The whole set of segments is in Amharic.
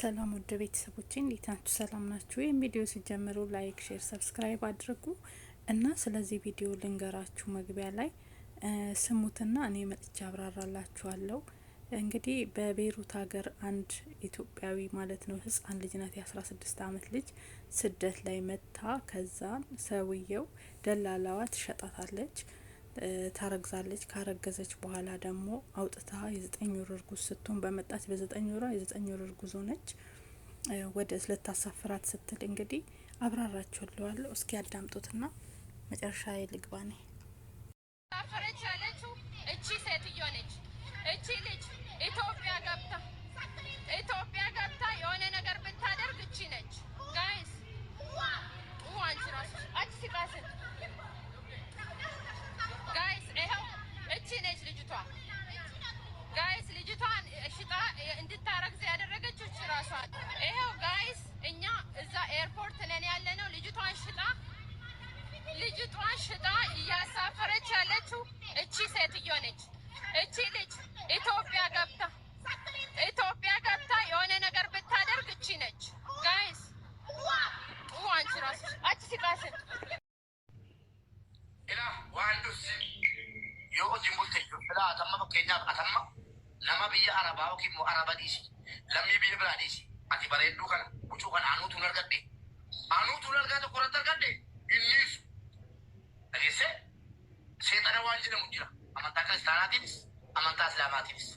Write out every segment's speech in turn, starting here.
ሰላም ወደ ቤተሰቦቼ እንዴት ናችሁ? ሰላም ናችሁ? ይህም ቪዲዮ ሲጀምሩ ላይክ፣ ሼር፣ ሰብስክራይብ አድርጉ እና ስለዚህ ቪዲዮ ልንገራችሁ መግቢያ ላይ ስሙትና እኔ መጥቼ አብራራላችኋለሁ። እንግዲህ በቤይሩት ሀገር አንድ ኢትዮጵያዊ ማለት ነው ህጻን ልጅ ናት የአስራ ስድስት አመት ልጅ ስደት ላይ መታ ከዛ ሰውየው ደላላዋ ትሸጣታለች። ታረግዛለች። ካረገዘች በኋላ ደግሞ አውጥታ የዘጠኝ ወር እርጉዝ ስትሆን በመጣች በዘጠኝ ወሯ የዘጠኝ ወር እርጉዝ ሆነች። ወደ ልታሳፍራት ስትል እንግዲህ አብራራችኋለሁ። እስኪ አዳምጡትና መጨረሻ ልግባ ነ ሳፈረች ያለችው እቺ ሴትዮ ነች። እቺ ልጅ ኢትዮጵያ ገብታ ኢትዮጵያ ገብታ የሆነ ነገር ብታደርግ እቺ ነች ጋይስ ሲቃስን ጋይስ ይኸው እቺ ነች ልጅቷ። ጋይስ ልጅቷን ሽጣ እንድታረግዝ ያደረገች እቺ ራሷ። ይኸው ጋይስ እኛ እዛ ኤርፖርት ነን ያለ ነው። ልጅቷን ሽጣ ልጅቷን ሽጣ እያሳፈረች ያለችው እቺ ሴትዮ ነች። እቺ ልጅ ኢትዮጵያ ገብታ immoo araba dhiisi. Lammii biyya biraa dhiisi. Ati bareedduu kana huccuu kana anuutuun argadde. Anuutuun argaa tokko irratti argadde innis dhageesse seexana waan jedhamu jira. Amantaa kiristaanaatiinis amantaa islaamaatiinis.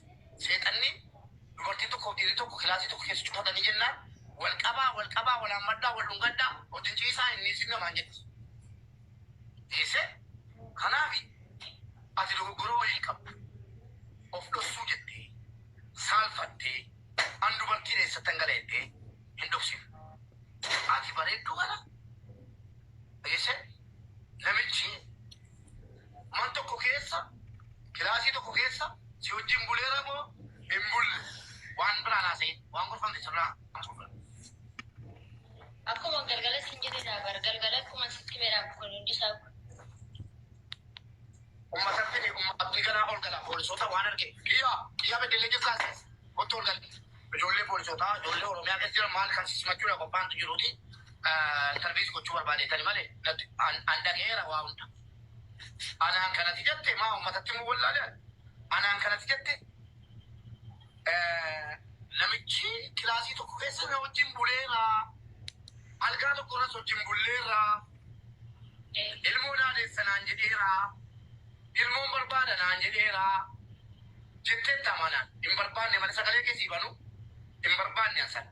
Seexanni dubartiin tokko dhiirri tokko kilaasii tokko keessa cufatanii jennaan wal qabaa wal qabaa wal hammaddaa wal dhungaddaa hojii ciisaa innis namaan jedhe. Dhiise kanaafi ati dhugu dari setengah lete indocin. Aki pare dua na. Ese namichi man tokko keessa kilaasii tokko keessa si wajjin buleera moo hin bulle waan biraa naasee waan gorfamte sirraa akkuma galgala sin jedhe daabara galgala akkuma sitti beeraaf kun hundi isaa kun. Uummatatti uummatatti ganaa ol galaa poolisoota waan arginu. Kiyyaa kiyyaa beddellee keessaa otoo ol galee. ijoollee poolisotaa, ijoollee Oromiyaa keessa jiran maal karsiis machuudha qophaantu jiruuti. Sarviis gochuu barbaadeetani malee an dhaga'eera waa hunda. Anaan kanatti jette maa uummatatti immoo wallaalaan. Anaan kanatti jette namichi kilaasii tokko keessa na wajjin buleera. Algaa tokko irras wajjin bulleera. Ilmoo naadeessa naan jedheera. Ilmoon barbaada naan jedheera. Jettee tamanaan hin barbaanne malee sagalee keessi banuu. hin barbaanne san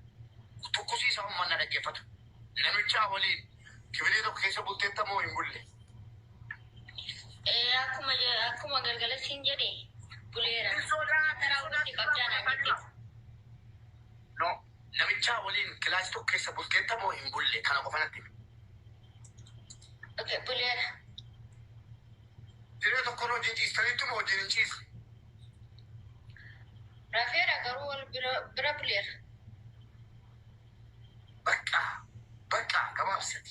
tukkisii isa uummanna dhaggeeffatu namichaa waliin kibilee tokko keessa bulteetta moo hin bulle. Akkuma akkuma galgalasiin jedhe buleera. No namichaa waliin kilaasii tokko keessa bulteetta moo hin bulle kana qofanatti. Buleera. Diree tokkoon hojii ciistanitti moo hojii hin ciisne. Prefiere agarró el Brapler. በቃ በቃ ገባ ሰት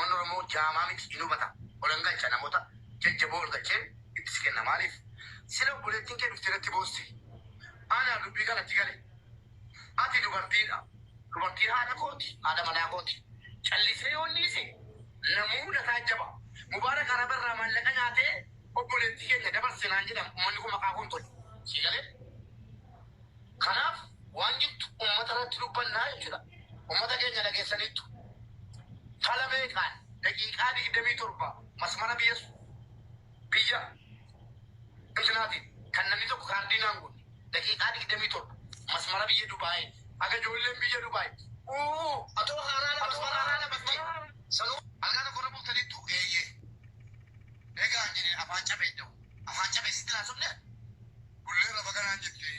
ኦሮሞ ጃማሚት ይኑበታ ኦለንጋ ጨነሞታ ጀጀቦ ርገቼን ኢትስኬና ማሊፍ ስለ ሁለትን ኬ ዱፍትረት ቦስ አና ዱቢ ከነቲ ገለ አቲ ዱበርቲና ዱበርቲን ሀደ ኮቲ ሀደ መና ኮቲ ጨሊሴ ዮኒሴ ነሙነ ታጀባ ሙባረክ አረበራ ማለቀ ናቴ ኦቦሌቲ ኬኛ ደበርሴናንጅ መኒኩ መቃ ኮንቶኝ ሲገሌ እናንችላ ummatagenya dhageessaniitu talamee kaan daqiiqaa digdamii torba masmana biyya biyya islaatiin kan namni tokko kaardinaan gun daqiiqaa digdamii torba masmana biyya dubaa'ee aga ijoolleen biyya dubaa'ee uu atoo haraana masmana haraana bakkee sanuu halkaana kora bultaniittu eeyyee eegaan jedhee afaan cabee dhawu afaan cabee sitti naasofne gullee rafa kanaan jettee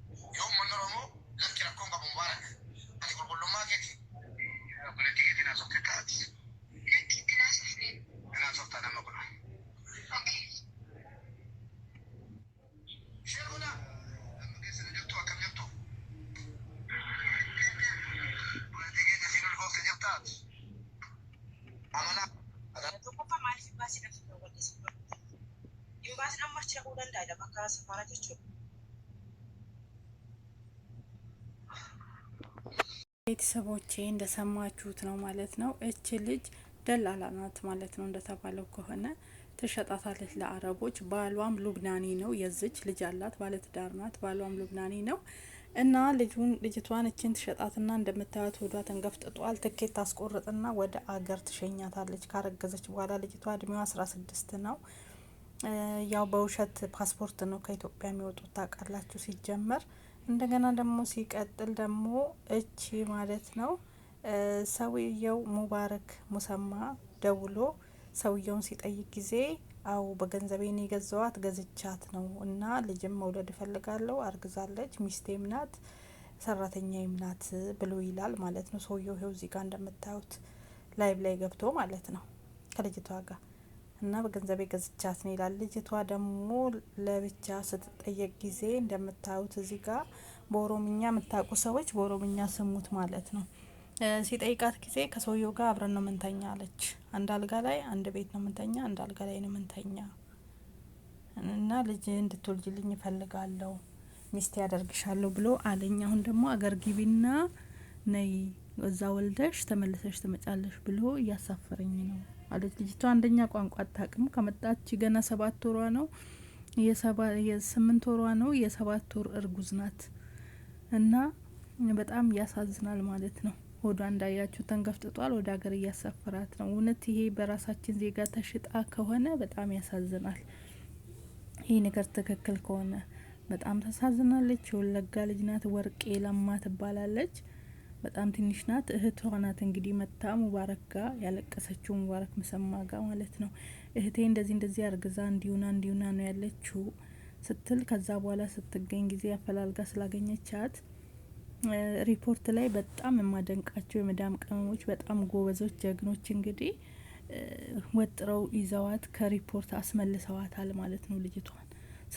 yoo uummanni Oromoo lakkii rakkoon qabu mubaarak. Ani qulqullummaa keeti. Politiikii dinaa softee taati. Dinaa softee. Dinaa softee nama godha. Sheekuna amma keessan jirtu akkam jirtu. Politiikii isiin ol gooftee jirtaati. Amanaa. Tokkoffaa maaliif imbaasiin akka hin hawwanne? Imbaasiin amma achi dhaquu danda'a bakka safaraa jechuudha. ቤተሰቦቼ እንደሰማችሁት ነው ማለት ነው። እች ልጅ ደላላ ናት ማለት ነው። እንደተባለው ከሆነ ትሸጣታለች ለአረቦች። ባሏም ሉብናኒ ነው። የዝች ልጅ አላት፣ ባለትዳር ናት። ባሏም ሉብናኒ ነው እና ልጁን ልጅቷን እችን ትሸጣትና እንደምታዩት ወዷ ተንገፍጥጧል። ትኬት ታስቆርጥና ወደ አገር ትሸኛታለች። ካረገዘች በኋላ ልጅቷ እድሜዋ አስራ ስድስት ነው። ያው በውሸት ፓስፖርት ነው ከኢትዮጵያ የሚወጡት ታውቃላችሁ ሲጀመር እንደገና ደግሞ ሲቀጥል ደግሞ እቺ ማለት ነው ሰውየው ሙባረክ ሙሰማ ደውሎ ሰውየውን ሲጠይቅ ጊዜ አው በገንዘቤ ነው የገዛዋት ገዝቻት ነው እና ልጅም መውለድ እፈልጋለሁ፣ አርግዛለች፣ ሚስቴም ናት፣ ሰራተኛዬም ናት ብሎ ይላል ማለት ነው። ሰውየው ይኸው እዚህ ጋር እንደምታዩት ላይቭ ላይ ገብቶ ማለት ነው ከልጅቷ ጋር እና በገንዘቤ ገዝቻት ነው ይላል። ልጅቷ ደግሞ ለብቻ ስትጠየቅ ጊዜ እንደምታዩት እዚህ ጋር በኦሮምኛ የምታውቁ ሰዎች በኦሮምኛ ስሙት ማለት ነው። ሲጠይቃት ጊዜ ከሰውየው ጋር አብረን ነው ምንተኛ አለች። አንድ አልጋ ላይ አንድ ቤት ነው ምንተኛ፣ አንድ አልጋ ላይ ነው ምንተኛ እና ልጅ እንድትወልጅልኝ ይፈልጋለሁ ሚስት ያደርግሻለሁ ብሎ አለኝ። አሁን ደግሞ አገር ግቢና ነይ እዛ ወልደሽ ተመልሰሽ ትመጫለሽ ብሎ እያሳፈረኝ ነው። ማለት ልጅቷ አንደኛ ቋንቋ አታውቅም። ከመጣች ገና ሰባት ወሯ ነው የስምንት ወሯ ነው የሰባት ወር እርጉዝ ናት እና በጣም ያሳዝናል ማለት ነው። ሆዷ እንዳያችሁ ተንገፍጥጧል። ወደ ሀገር እያሳፈራት ነው። እውነት ይሄ በራሳችን ዜጋ ተሽጣ ከሆነ በጣም ያሳዝናል። ይህ ነገር ትክክል ከሆነ በጣም ታሳዝናለች። የወለጋ ልጅ ናት። ወርቄ ለማ ትባላለች። በጣም ትንሽ ናት። እህቷ ናት እንግዲህ መታ ሙባረክ ጋ ያለቀሰችው ሙባረክ መሰማ ጋ ማለት ነው። እህቴ እንደዚህ እንደዚህ አርግዛ እንዲሁና እንዲሁና ነው ያለችው ስትል ከዛ በኋላ ስትገኝ ጊዜ አፈላልጋ ስላገኘቻት ሪፖርት ላይ በጣም የማደንቃቸው የመዳም ቅመሞች በጣም ጎበዞች፣ ጀግኖች እንግዲህ ወጥረው ይዘዋት ከሪፖርት አስመልሰዋታል ማለት ነው ልጅቷን።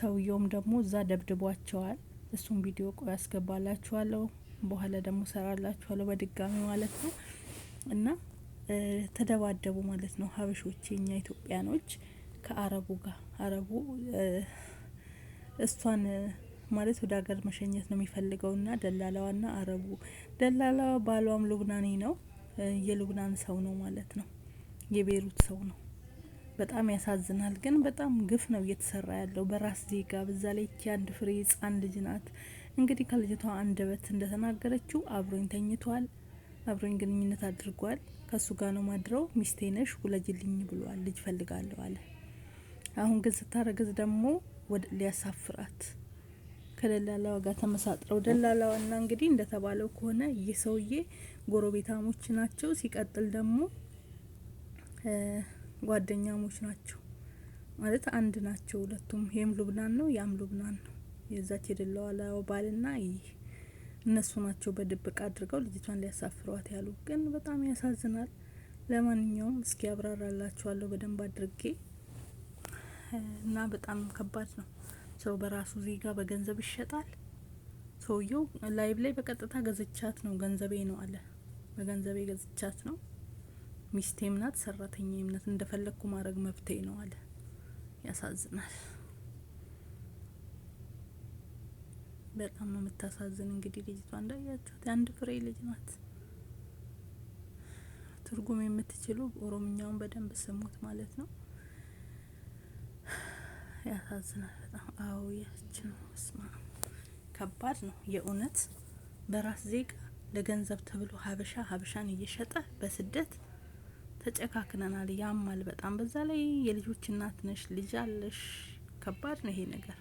ሰውየውም ደግሞ እዛ ደብድቧቸዋል። እሱም ቪዲዮ ቆይ ያስገባላችኋለሁ። በኋላ ደግሞ ሰራላችኋለሁ በድጋሚ ማለት ነው። እና ተደባደቡ ማለት ነው ሀበሾች፣ የኛ ኢትዮጵያኖች ከአረቡ ጋር አረቡ እሷን ማለት ወደ ሀገር መሸኘት ነው የሚፈልገውና ደላላዋና አረቡ ደላላዋ ባሏም ሉብናኔ ነው የሉብናን ሰው ነው ማለት ነው የቤሩት ሰው ነው። በጣም ያሳዝናል። ግን በጣም ግፍ ነው እየተሰራ ያለው በራስ ዜጋ። በዛ ላይ አንድ ፍሬ ህጻን ልጅ ናት። እንግዲህ ከልጅቷ አንደበት እንደተናገረችው አብሮኝ ተኝቷል፣ አብሮኝ ግንኙነት አድርጓል፣ ከሱ ጋር ነው ማድረው፣ ሚስቴ ነሽ ውለጅልኝ ብሏል፣ ልጅ ፈልጋለሁ አለ። አሁን ግን ስታረግዝ ደግሞ ወደ ሊያሳፍራት ከደላላዋ ጋር ተመሳጥረው ደላላዋና እንግዲህ እንደተባለው ከሆነ ይህ ሰውዬ ጎረቤታሞች ናቸው። ሲቀጥል ደግሞ ጓደኛሞች ናቸው ማለት አንድ ናቸው ሁለቱም። ይህም ሉብናን ነው ያም ሉብናን ነው። የዛች የደላዋላው ባልና ይህ እነሱ ናቸው በድብቅ አድርገው ልጅቷን ሊያሳፍሯት ያሉ። ግን በጣም ያሳዝናል። ለማንኛውም እስኪ ያብራራላችኋለሁ በደንብ አድርጌ እና በጣም ከባድ ነው። ሰው በራሱ ዜጋ በገንዘብ ይሸጣል። ሰውየው ላይብ ላይ በቀጥታ ገዝቻት ነው ገንዘቤ ነው አለ። በገንዘቤ ገዝቻት ነው ሚስቴም ናት ሰራተኛ ናት እንደፈለግኩ ማድረግ መብቴ ነው አለ። ያሳዝናል። በጣም ነው የምታሳዝን። እንግዲህ ልጅቷ እንዳያችሁት የአንድ ፍሬ ልጅ ናት። ትርጉም የምትችሉ ኦሮምኛውን በደንብ ስሙት ማለት ነው። ያሳዝናል በጣም አዎ፣ ያች ነው ስማ፣ ከባድ ነው የእውነት በራስ ዜጋ ለገንዘብ ተብሎ ሀበሻ ሀበሻን እየሸጠ በስደት ተጨካክነናል። ያማል በጣም በዛ ላይ የልጆች እናት ነሽ፣ ልጅ አለሽ። ከባድ ነው ይሄ ነገር።